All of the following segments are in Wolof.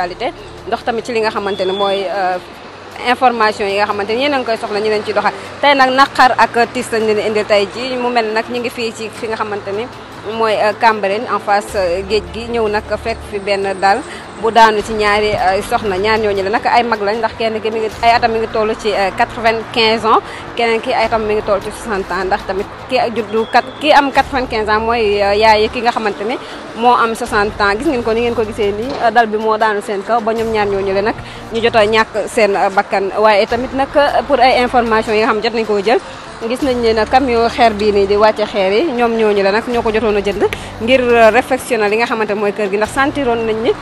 actualité ndox tamit ci li nga xamante ne mooy euh, information yi nga xamante ni yéen a ngi koy soxla ñu leen ci doxal tey nag naqar ak tiis lañ leen indil tey ji mu mel nag ñu ngi fii ci fi nga xamante ni mooy euh, Cambérène en face euh, géej gi ñëw nag fekk fi benn daal bu daanu ci ñaari soxna ñaar ñooñu la nag ay mag lañ ndax kenn ki mi ngi ay toll ci eh, quatre-vingt-quinze ans keneen ki ay atam mi ngi toll ci soixante ans ndax tamit ki juddu kat ki am quatre-vingt-quinze ans mooy eh, yaay ki nga xamante ne moo am soixante ans gis ngeen ko ni ngeen ko gisee nii eh, dal bi moo daanu seen kaw ba ñoom ñaar ñooñu la nag ñu jot a ñàkk seen bakkan waaye tamit nag pour ay information yi nga xam jot nañ koo jël gis nañ ne camion xeer bii nii di wàcce xeer yi ñoom ñooñu la nag ñoo ko jotoon a jënd ngir réfectionner li nga xamante mooy kër gi ndax sentiroon nañ ni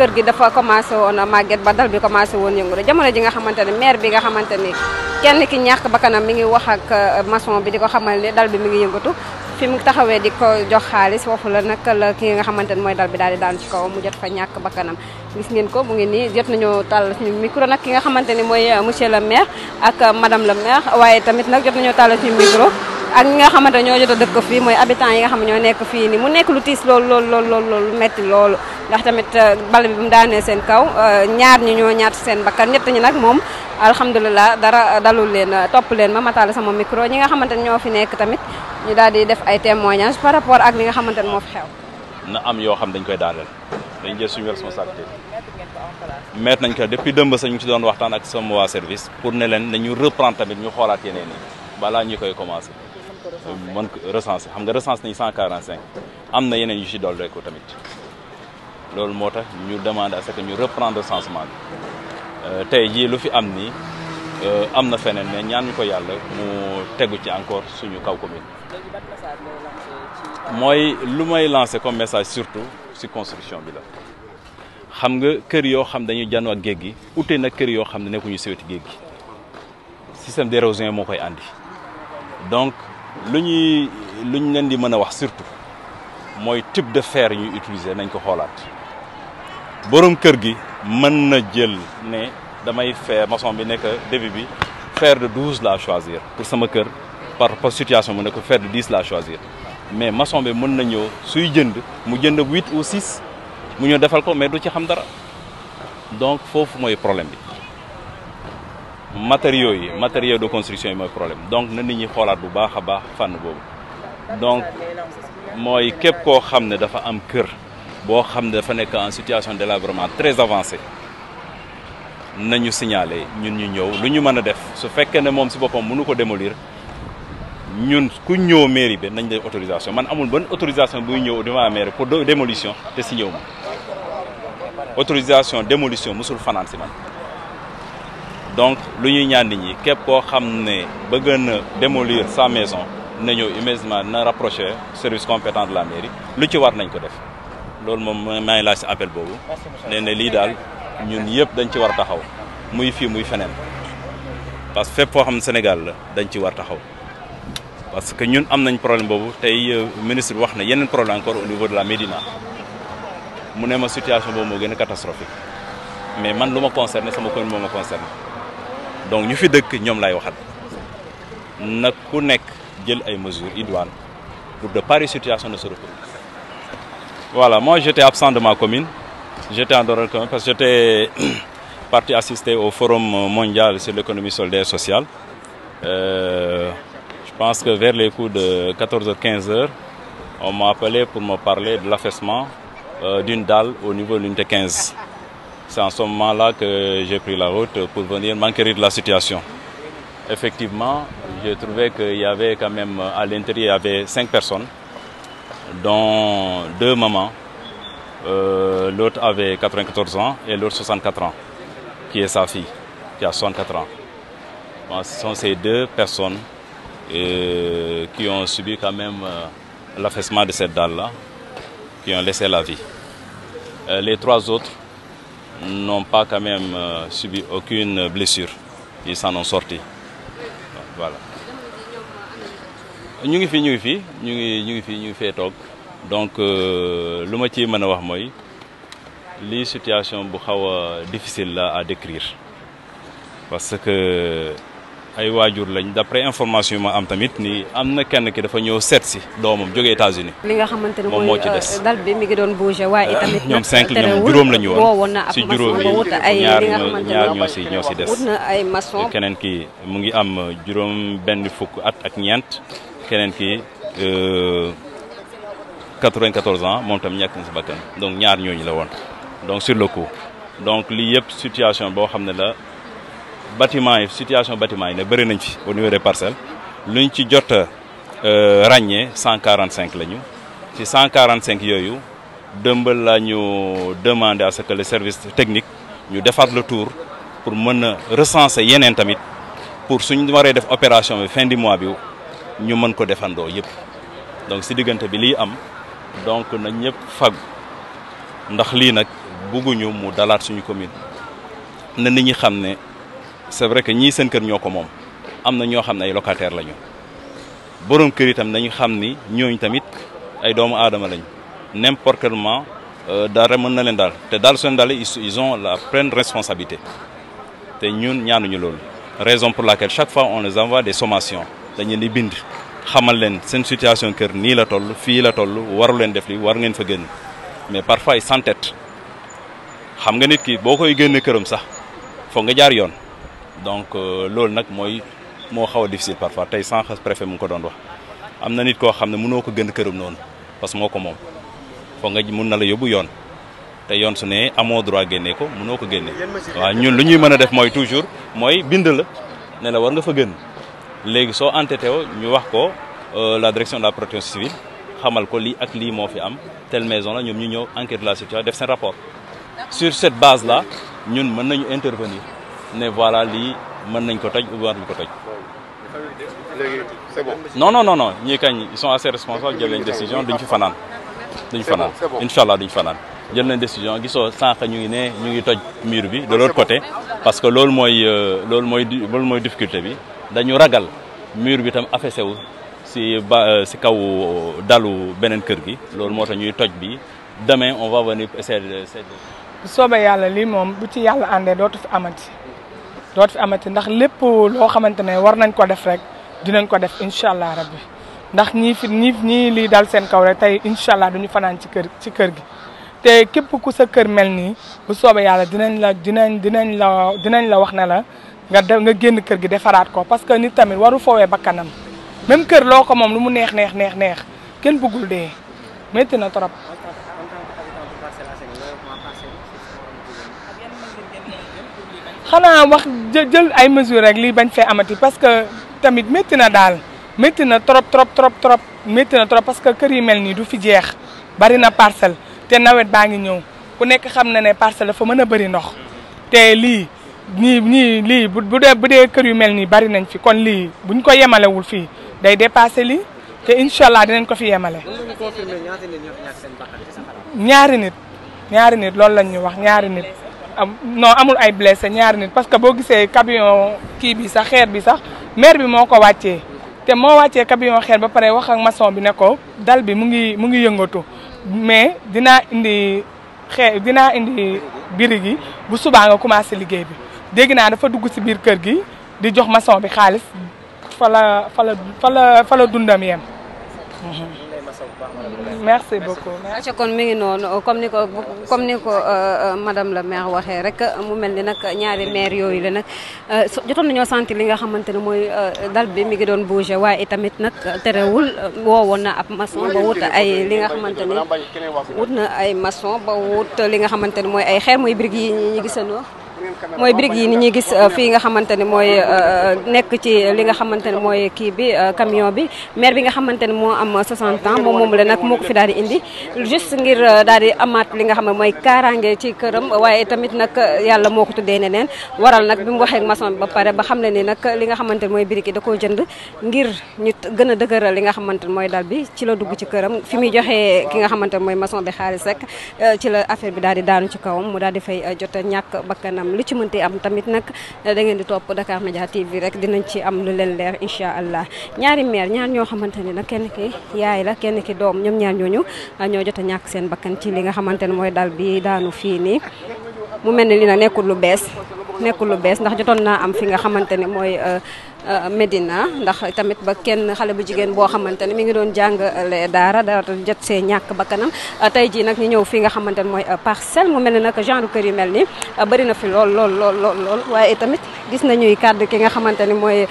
kër gi dafa commencé woon a màgget ba dal bi commencé woon yëngu rek jamono ji nga xamante maire bi nga xamante kenn ki ñàkk bakkanam mi ngi wax ak euh, bi di ko xamal dal bi mi ngi di ko la nag la ki nga xamante bi daal di daan ci kaw mu jot micro nag ki nga xamante ni mooy euh, monsieur le maire ak euh, madame le maire waaye tamit nag jot nañu tàll suñu micro ak nga xamante ñoo jot a dëkk fii mooy habitants yi nga xam ñoo nekk fii ni mu nekk lu tiis loolu loolu metti loolu ndax tamit euh, bal bi bu mu daanee seen kaw euh, ñaar ñi ñoo ñaar seen bakkan ñett ñi nag moom alhamdulilah dara dalul leen topp leen ma mataale sama micro ñi nga xamante ne ñoo fi nekk tamit ñu daal di def ay témoignages par rapport ak li nga xamante ne moo fi xew. na am yoo xam dañ koy daaneel dañ jël suñu responsabilité mettre nañ ko depuis dëmb sax ñu ngi ci doon waxtaan ak sama waa service pour ne leen nañu reprendre tamit ñu xoolaat yeneen yi balaa ñu koy commencé. mën ko recensé xam nga recensé nañu 145 am na yeneen yu ci dolli rek tamit. loolu moo tax ñu demander à ce que ñu reprendre changement bi euh, tey jii lu fi am nii euh, am na feneen mais ñaan ñu ko yàlla mu tegu ci encore suñu kaw commune. mooy lu may lancé comme message surtout ci construction bi la xam nga kër yoo xam dañuy janoo ak géej gi ute na kër yoo xam ne nekkuñu ci wetu géej gi système d'érosion moo koy andi donc lu ñuy lu ñu leen di mën a wax surtout mooy type de fer ñuy utiliser nañ ko xoolaat. borom kër gi mën na jël ne damay faire maçon bi nekk début bi faire de douze laa choisir pour sama kër par par situation mu ne ko faire de dix laa choisir mais maçon bi mën na ñëw suy jënd mu jënd huit ou six mu ñëw defal ko mais du ci xam dara donc foofu mooy problème bi matériaux yi matériaux de construction yi mooy problème donc na nit ñi xoolaat bu baax a baax fànn boobu donc mooy képp koo xam ne dafa am kër. boo xam ne dafa nekk en situation de délabrement très avancé nañu signalé ñun ñu ñëw lu ñu mën a def su fekkee ne moom si boppam munu ko démolir ñun ku ñëw mairi be nañ de autorisation man amul ban autorisation buy ñëw devant la mairie pour démolition te si autorisation démolition mosul fanaan si man donc lu ñuy ñaan nit ñi képp koo xam ne bëgg na démolir sa maison na ñëw immédiatement na rapproché service compétent de la mairie lu ci war nañ ko def loolu moom maa ngi laaj si appel boobu nee lii daal ñun yëpp dañ ci war a taxaw muy fii muy feneen parce que fépp foo xam ne Sénégal la dañ ci war taxaw parce que ñun am nañ problème boobu tey euh, ministre bi wax na yeneen problème encore au niveau de la Médina mu ne ma situation boobu moo gën a catastrophique mais man lu ma concerné sama commune moo a concerné donc ñu fi dëkk ñoom lay waxal nag ku nekk jël ay mesures idoines pour de pareilles situation ne se reproduisent Voilà, moi j'étais absent de ma commune. J'étais parce que j'étais parti assister au Forum mondial sur l'économie solidaire sociale. Euh, je pense que vers les coups de 14h-15 heures, on m'a appelé pour me parler de l'affaissement euh, d'une dalle au niveau de l'unité 15. C'est en ce là que j'ai pris la route pour venir m'enquérir la situation. Effectivement, j'ai trouvé qu'il y avait quand même, à l'intérieur, cinq personnes dont deux mamans. Euh, l'autre avait 94 ans et l'autre 64 ans, qui est sa fille, qui a ans. Bon, sont ces deux personnes euh, qui ont subi quand même euh, l'affaissement de cette dalle-là, qui ont laissé la vie. Euh, les trois autres n'ont pas quand même euh, subi aucune blessure. Ils s'en ont sortis. ñu ngi fii ñu ngi fi ñu ngi ñu ngi fi ñu fee toog donc euh, lu ma ci mën a wax mooy li situation bu xaw a difficile la à décrire parce que ay waajur lañ d'après information yu ma am tamit ni am na kenn ki dafa ñëw seet si doomam jóge États-Unis li moom moo ci des euh, dal bi mi ngi doon bouger waaye euh, tamit ñoom cinq ñoom juróom la ñu woon si yi ñaar ñaar ñoo si ñoo si des keneen ki mu ngi am juróom benn fukk at ak ñeent keneen ki 94 euh, ans moom tam ñàkk na si bakkan donc ñaar ñooñu la woon donc sur le coup donc lii yëpp situation boo xam ne la bâtiment yi situation bâtiment yi ne bëri nañ fi au niveau des lu luñ ci jot a euh, ràññee 145 lañu ci 145 yooyu dëmb la ñu demander à ce que les services techniques ñu defaat le tour pour mën a recencer yeneen tamit pour suñ waree def opération bi fin du mois bi. ñu mën ko defandoo yëpp donc si diggante bi liy am donc na ñëpp fag ndax lii nag bugguñu mu dalaat suñu commune na nit ñi xam ne c'est vrai que ñii seen kër ñoo ko moom am na ñoo xam ne ay locataire lañu borom kër itam nañu xam ni ñooñu tamit ay doomu aadama lañ n'importe quellement euh, dara mën na leen daal te daal seen daal ils ont la pleine responsabilité te ñun ñaanuñu loolu raison pour laquelle chaque fois on le envoie des sommations dañu leen di bind xamal leen seen situation kër nii la toll fii la toll waru leen def li war ngeen fa génn mais parfois ils s'entêtent xam nga nit ki boo koy génne këram sax foog nga jaar yoon donc euh, loolu nag mooy moo xaw a difficile parfois tey sànq préfet mu ko doon wax am na nit koo xam ne mënoo ko génn këram noonu parce que moo ko moom foog nga mun na la yóbbu yoon te yoon su ne amoo droit génne ko mënoo ko génne waaw ñun lu ñuy mën a def mooy toujours mooy bind la ne war nga fa génn léegi soo entêté ñu wax ko euh, la direction de la protection civile xamal ko li ak lii moo fi am telle maison la ñoom ñu ñëw enquête la situation def seen rapport sur cette base la ñun mën nañu intervenir ne voilà lii mën nañu ko toj ou bien ñu ko toj. léegi c'est bon. non non non non ñii kañ ils sont assez jël nañ décision duñ fi fanaan. duñ fanaan incha allah duñ fanaan. jël nañ décision gisoo sànq ñu ngi ne ñu ngi toj miir bi de ah, l'autre côté parce que loolu mooy euh, loolu mooy loolu mooy difficulté bi. dañu ragal mur bi tam affaissé wu si ba euh, si kaw euh, dalu beneen kër gi loolu moo tax ñuy toj bi demain on va venir essayer bu soobee yàlla lii moom bu ci yàlla àndee dootu fi amati dootu fi amati ndax lépp loo xamante ne war nañ ko def rek dinañ ko def incha allah rabbi ndax ñii fi ñii ñii lii daal seen kaw rek tey incha allah duñu fanaan ci kër ci kër gi te képp ku sa kër mel nii bu soobee yàlla dinañ la dinañ dinañ la dinañ la wax na la nga de nga génn kër gi defaraat ko parce que ni tamit waru foowee bakkanam même kër loo ko moom lu mu neex neex neex neex kenn bëggul dee métti na trop. xanaa wax jël ay mesures rek lii bañ fee amati parce que tamit métti na daal métti na trop trop trop trop métti na trop parce que kër yi mel nii du fi jeex bari na parcelle te nawet baa ngi ñëw ku nekk xam na ne parcelle dafa mën a bari ndox te lii. nii nii lii bu bu dee bu dee kër yu mel nii bari nañ fi kon lii bu ñu ko yemalewul fii day dépassé lii te incha allah dinañ ko fi yemale. ñaari nit ñaari nit loolu lañ ñu wax ñaari nit. non amul ay blessé ñaari nit parce que boo gisee camion kii bi sax xeer bi sax maire bi moo ko wàccee. te moo wàccee camion xeer ba pare wax ak maçon bi ne ko dal bi mu ngi mu ngi yëngatu mais dinaa indi xeer dinaa indi biri gi bu subaa nga commencé liggéey bi. dégg naa dafa dugg ci biir kër gi di jox maçon bi xaalis fa fala fa la fa la fa dundam yem. merci beaucoup. merci kon mi ngi noonu comme ni ko comme ni ko euh, euh, madame la maire waxee rek mu mel ni nag ñaari meer yooyu la nag euh, jotoon nañoo sentir li nga xamante ne mooy dal bi mi ngi doon bougé waaye tamit nag terewul woowoon na ab maçon ba wut ay li nga xamante ne wut na ay maçon ba wut li nga xamante ne mooy ay xeer mooy briques yi ñu gisandoo. mooy briques yi ni ñuy gis uh, fii nga xamante ne mooy uh, uh, nekk ci li nga xamante ne mooy kii bi camion bi maire bi nga xamante ne moo am 60 ans moom moom la nag moo ko fi daal di indi juste ngir daal di amaat li nga xam ne mooy kaaraange ci këram waaye tamit nag yàlla moo ko tuddee neneen waral nag bi mu waxee ak ba pare ba xam ne ni nag li nga xamante ne mooy briques yi da jënd ngir ñu gën a dëgëral li nga xamante ne mooy dal bi ci la dugg ci këram fi muy joxee ki nga xamante ne mooy maçon bi xaalis rek ci la affaire bi daal di daanu ci kawam mu daal di fay jot ñàkk bakkanam am lu ci mënti am tamit nag eh, dangeen ngeen di topp Dakar Media TV rek dinañ ci am lu leen leer incha allah ñaari meer ñaar ñoo xamante ne nag kenn ki yaay la kenn ki doom ñoom ñaar ñooñu eh, ñoo jot a ñàkk seen bakkan ci li nga xamante ne mooy dal bi daanu fii nii mu mel ne li nag nekkul lu bees nekkul lu bees ndax jotoon naa am fi nga xamante ne mooy eh, Euh, Médina ndax tamit ba kenn xale bu jigéen boo xamante ne mi ngi doon jàng jàngale daara daa jot see ñàkk ba kanam euh, tey jii nag ñu ñëw fii nga xamante ne mooy euh, parcelle mu mel ne nag genre kër yu mel ni bëri na fi lool lool lool lool lool waaye tamit gis nañuy kàddu ki nga xamante ne mooy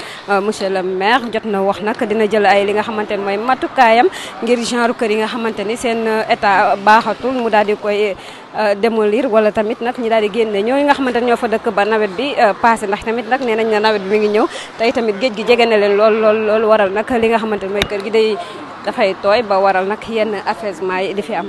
monsieur le maire jot na wax nag dina jël ay li nga xamante ne mooy matukaayam ngir genre kër yi nga xamante ni seen état baaxatul mu daal di koy Euh, démolir wala tamit nag ñi daal di génne ñooñu nga xamante ñoo fa dëkk ba nawet bi euh, passé ndax tamit nag nee nañ na nawet bi mi ngi ñëw tey tamit géej gi jege na leen lool lool lool waral nag li nga xamante ne mooy kër gi day dafay tooy ba waral nag yenn affaissement yi di fi am